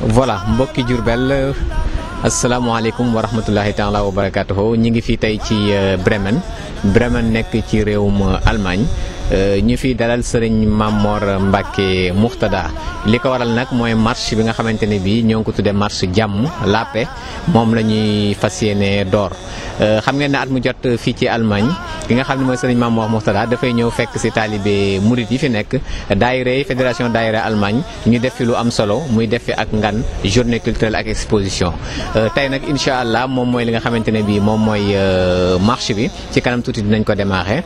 voilà mbokki Diourbel asalaamaaleykum wa rahmatullahi taala wa barakaatuhu ñi ngi fii tey ci euh, Bremen Bremen nekk ci réewum Allemagne Euh, ñu fi dalal sëriñ Mamor Mbacke Muxtada li ko waral nag mooy marche bi nga xamante ne bii ñoo ngi ko tuddee marche jàmm la moom la ñuy fas yéene door euh, xam ngeen ne at mu jot fii ci Allemagne ki nga xam ne mooy sëriñ Mamor Muxtada dafay ñëw fekk si taalibe murit yi fi nekk daayira fédération daayira Allemagne ñu def fi lu am solo muy def fi ak ngan journée culturelle ak exposition euh, tey nag incha allah moom mooy li nga xamante ne bii moom mooy marche bi ci kanam tuuti dinañ ko démarrer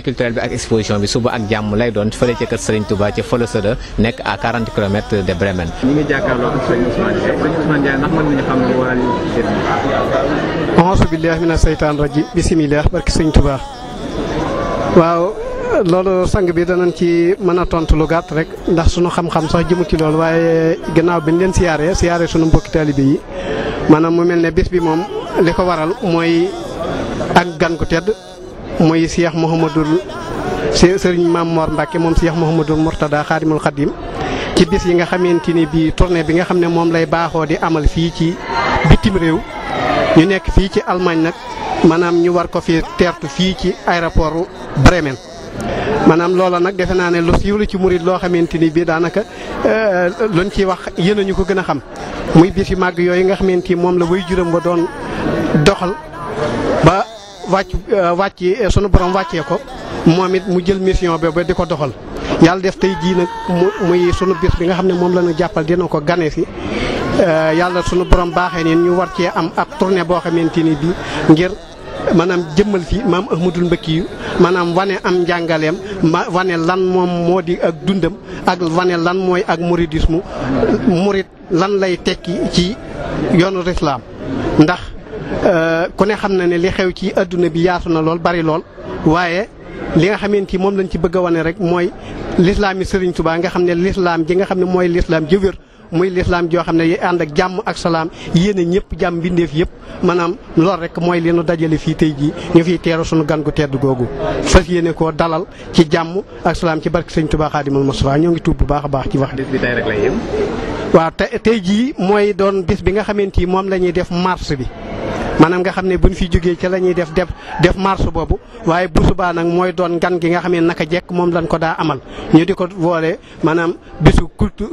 journée culturelle bi ak exposition bi suba ak jamm lay don fele ci keur Serigne Touba ci ca Folosada nek à 40 km de Bremen. ni ngi jakarlo ak Serigne Ousmane Ndiaye Serigne Ousmane Ndiaye nak man ni xam lu ne waral yi. auzu billahi mina shaitan rajim bismillah barki Serigne Touba waaw lolu sang bi danañ ci meuna tontu lu gatt rek ndax suñu xam-xam sax jëm ci lolu waye gannaaw biñu len leen siyaaree suñu sunu mbokki taalibe yi manam mu melne bis bi mom liko waral moy ak gan ko tedd muy cheikh mohamadul serigne mamor mbacke mom cheikh mohamadul murtada khadimul khadim ci bis yi nga xamanteni bi tourner bi nga xamne mom lay baxo di amal fi ci bitim rew ñu nek fi ci almagne nak manam ñu war ko fi tertu fi ci aéroport bremen manam lola nak defena ne lu siwlu ci murid lo xamanteni bi danaka euh luñ ci wax yéen ñu ko xam muy bis yu mag yoy nga xamanteni mom la way juram ba doon doxal ba wàcc euh, wàcc euh, sunu borom wàccee ko moom it mu jël mission bi di ko doxal yàlla def tey jii nag mu muy sunu bis bi nga xam ne moom la ñu jàppal dina ko gane si. Euh, yàlla sunu borom baaxee neen ñu war cee am ab tournée boo xamante ni bii ngir maanaam jëmmal si maam Ahmadul Mbakki yu maanaam wane am njàngaleem ma wane lan moom moo di ak dundam ak wane lan mooy ak muridisme murid lan lay tekki ci yoonu lislaam ndax Euh, ku ne xam na ne li xew ci àdduna bi yaatu na lool bari lool waaye li nga xamante moom lañ ci bëgg a wane rek mooy lislaam yi Sëriñ Tuubaa nga xam ne lislaam ji nga xam ne mooy lislaam ji wér muy lislaam joo xam ne yi ànd ak jàmm ak salaam yéene ñëpp jàmm mbindeef yëpp maanaam lool rek mooy li nu dajale fii tey jii ñu fiy teeru suñu gan gu tedd googu fas yéene koo dalal ci jàmm ak salaam ci barke Sëriñ Tuubaa Xaadimul Mustafaa ñoo ngi tuub bu baax baax ci wax bis bi waaw te tey jii mooy doon bis bi nga xamante ni moom la ñuy def mars bi maanaam nga xam ne bu buñ fi jógee ca la ñuy def def def marche boobu waaye bu subaa nag mooy doon gan gi nga xam ne naka jekk moom lañ ko daa amal ñu di ko woole maanaam bisu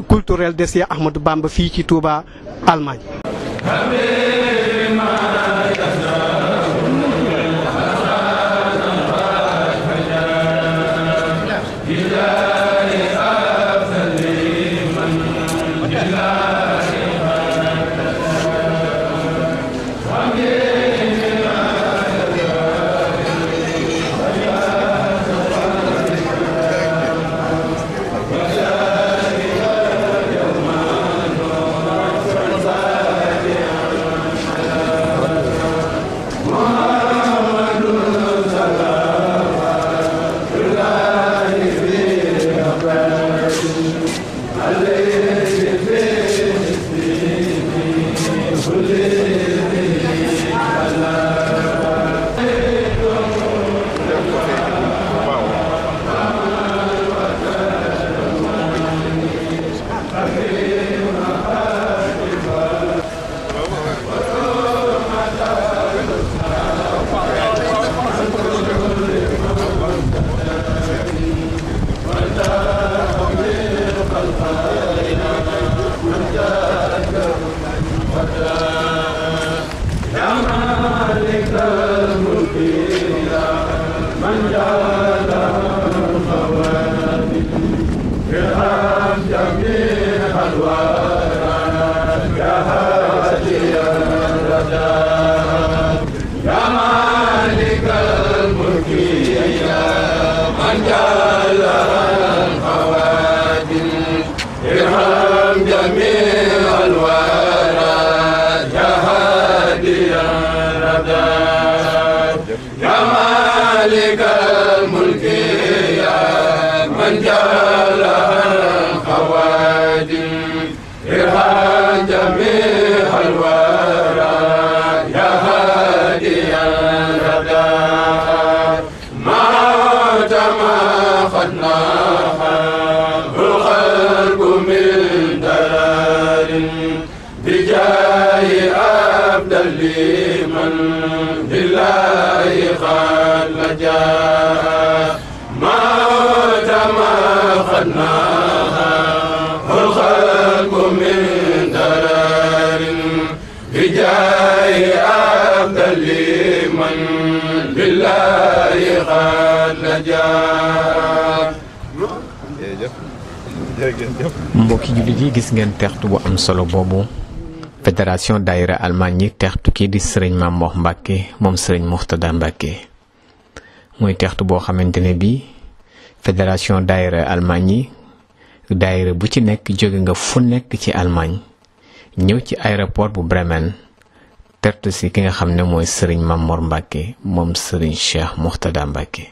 culturel de Cheikh Ahmadou Bamba fii ci Touba Allemagne love. لمن بالله قد نجا mbokki jullit yi gis ngeen tertu bu am solo boobu fédération daayira almaañ yi tertu kii di sëriñ Maam Mor Mbàkke moom sëriñ Muxtada Mbàkke muy tertu boo xamante ne bii fédération daayira almaañ yi daayira bu ci nekk jóge nga fu nekk ci almaañ ñëw ci aéroport bu Bremen tertu si ki nga xam ne mooy sëriñ Mamor mbàkke moom sëriñ Cheikh Mourtada Mbacke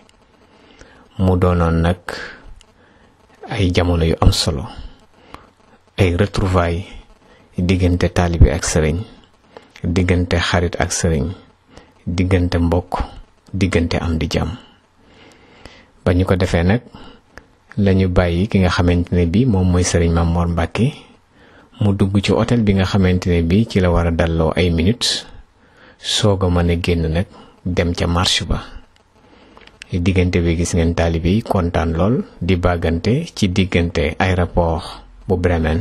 mu doonoon nag ay jamono yu am solo ay retrouvailles diggante taalibe ak sëriñ diggante xarit ak sëriñ diggante mbokk diggante am di jàmm ba ñu ko defee nag lañu bàyyi ki nga xamante ne bi moom mooy sëriñ Mamor Mbacke mu dugg ci hôtel bi nga xamantene bi ci la wara a ay minutes soga mané genn nak dem ci marché ba digënté bi gis ngeen taalibe contane lol di bàggante ci digënté aéroport bu Bremen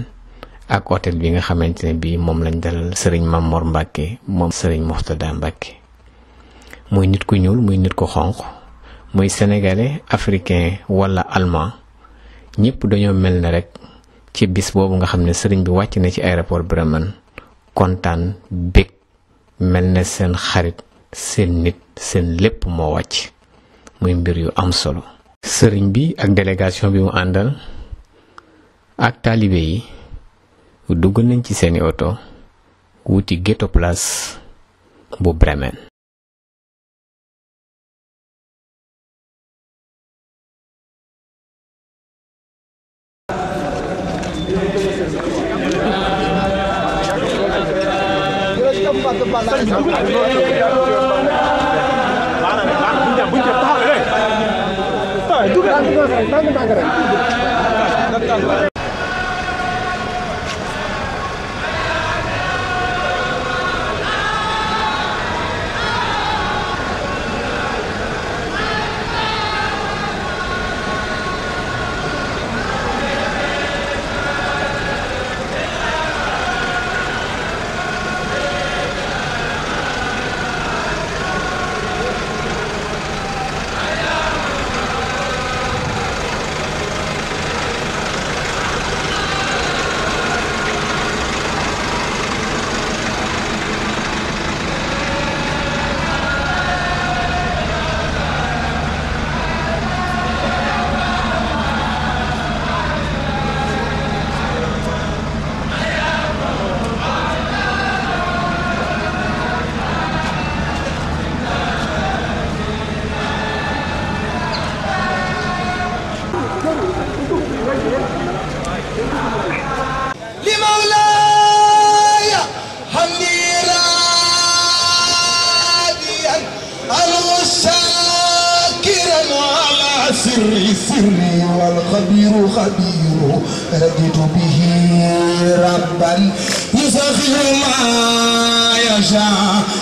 ak hôtel bi nga xamantene bi mom lañ dal Serigne Mamour Mbacké mom Serigne Moxtada Mbacké moy nit ku ñuul moy nit ku xonx moy sénégalais africain wala allemand ñepp dañu rek. ci bis boobu nga xam ne sëriñ bi wàcc na ci aéroport Bremen kontaan bég mel ne seen xarit seen nit seen lépp moo wàcc muy mbir yu am solo. sëriñ bi ak délégation bi mu àndal ak taalibe yi dugg nañ ci seeni oto wuti ghetto place bu Bremen. waaw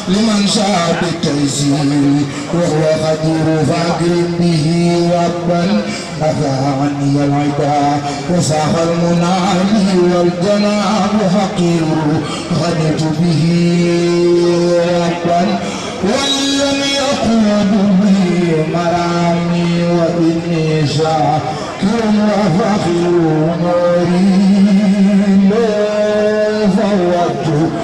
لمن شاء بالتيسير وهو غدير فاقر به ربا أذى عني العدا وساق المنعم والجناب حقير غنيت به ربا ولم يقود به مرامي وإني شاكر وفخر نوري والقلب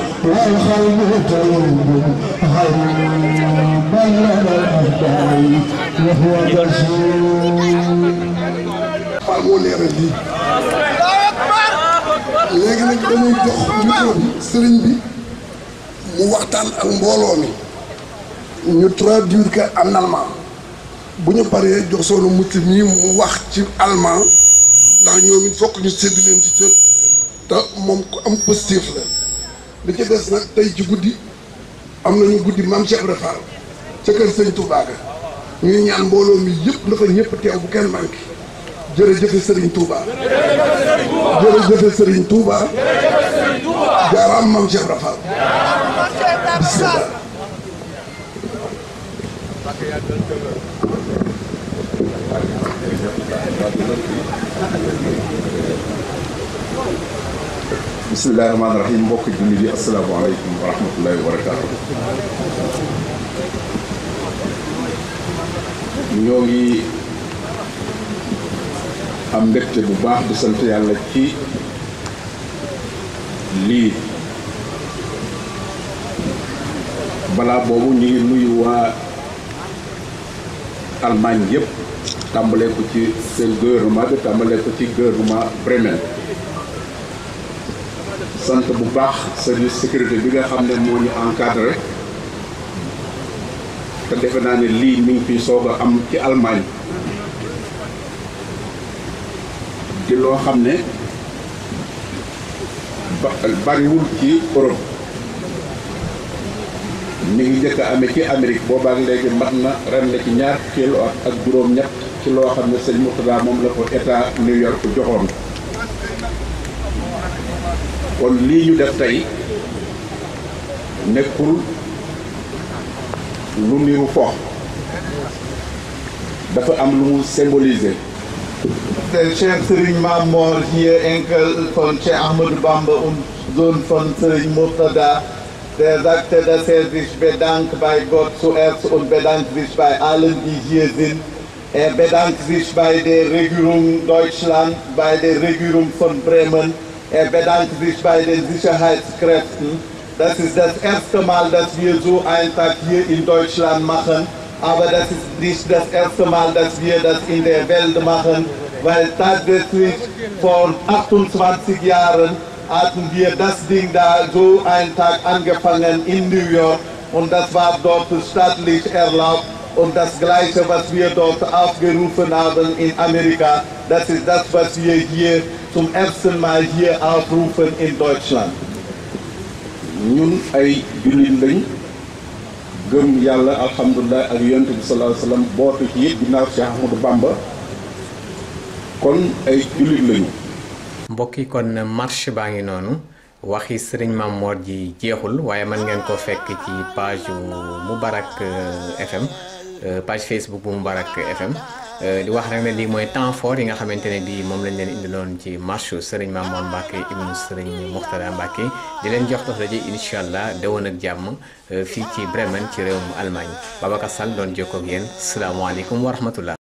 طيب léegi nag dañuy jox micro bi sëriñ bi mu waxtaan ak mbooloo mi ñu traduire ko en allemand bu ñu paree jox soxna mucc mii mu wax ci allemand ndax ñoom it fokk ñu séddu leen ci cër te moom ku am positif li ci dess nak tay ci guddi am nañu guddi mam Cheikh rafal ci keur seigne Touba ga ñuy ñaan mbolo mi yépp na fa ñëpp teew bu kenn manqué jërëjëfe Serigne Touba jërëjëfe Serigne Touba jëre maam seigne touba Fall bismillah Thank you. bisimilah rahmaani rahim mbokk jullit yi asalaamaaleykum wa rahmatullahi wa barakaatu. ñoo ngi am mbégte bu baax di sant yàlla ci lii balaa boobu ñu ngi nuyu waa Allemagne yépp tàmbalee ko ci seen gouvernement bi tàmbalee ko ci gouvernement Bremen. sant bu baax service sécurité bi nga xam ne moo ñu encadré sa defe naa ne lii mi ngi fi soog a am ci Allemagne di loo xam ne bariwul ci Europe ñu ngi njëkk a amee ci Amérique boobaak léegi mat na ren la ci ñaar téelu ak juróom-ñett ci loo xam ne sëñ Mourtada moom la ko état New York joxoon kon lii ñu def tey nekkul lu niru fo dafa am lu mu symboliser der Cheikh Serigne Mamor hier Enkel von Cheikh Ahmed Bamba und Sohn von Serigne Murtada der sagte, dass er sich bedankt bei Gott zuerst und bedankt sich bei allen, die hier sind. Er bedankt sich bei der Regierung Deutschland, bei der Regierung von Bremen, er bedankt sich bei den Sicherheitskräften. Das ist das erste Mal, dass wir so einen Tag hier in Deutschland machen. Aber das ist nicht das erste Mal, dass wir das in der Welt machen, weil tatsächlich vor 28 Jahren hatten wir das Ding da so einen Tag angefangen in New York und das war dort staatlich erlaubt um das Gleiche, was wir dort aufgerufen haben in Amerika. Das ist das, was wir hier zum ersten Mal hier aufrufen in Deutschland. Nun, ay jullit lañ gëm yàlla alhamdulilah ak yonent bi sallallahu alayhi wa sallam bootu ci yëpp ginnaaw Cheikh Ahmadou Bamba kon ay jullit lañu mbokki kon marche baa ngi noonu waxi sëriñ Mamor ji jeexul waaye mën ngeen ko fekk ci page Moubarak euh, FM Euh, page Facebook bu Moubarak FM li euh, wax rek ne lii mooy temps fort yi nga xamante ne bii moom lañ leen indiloon ci marche Serigne Mamoun Mbacke ibnu Serigne Mourtada Mbacke di leen jox dox daje incha allah dawoon ak jàmm euh, fii ci Bremen ci réewum Allemagne Babacar Sall doon jokkoo ak yéen salaamaaleykum wa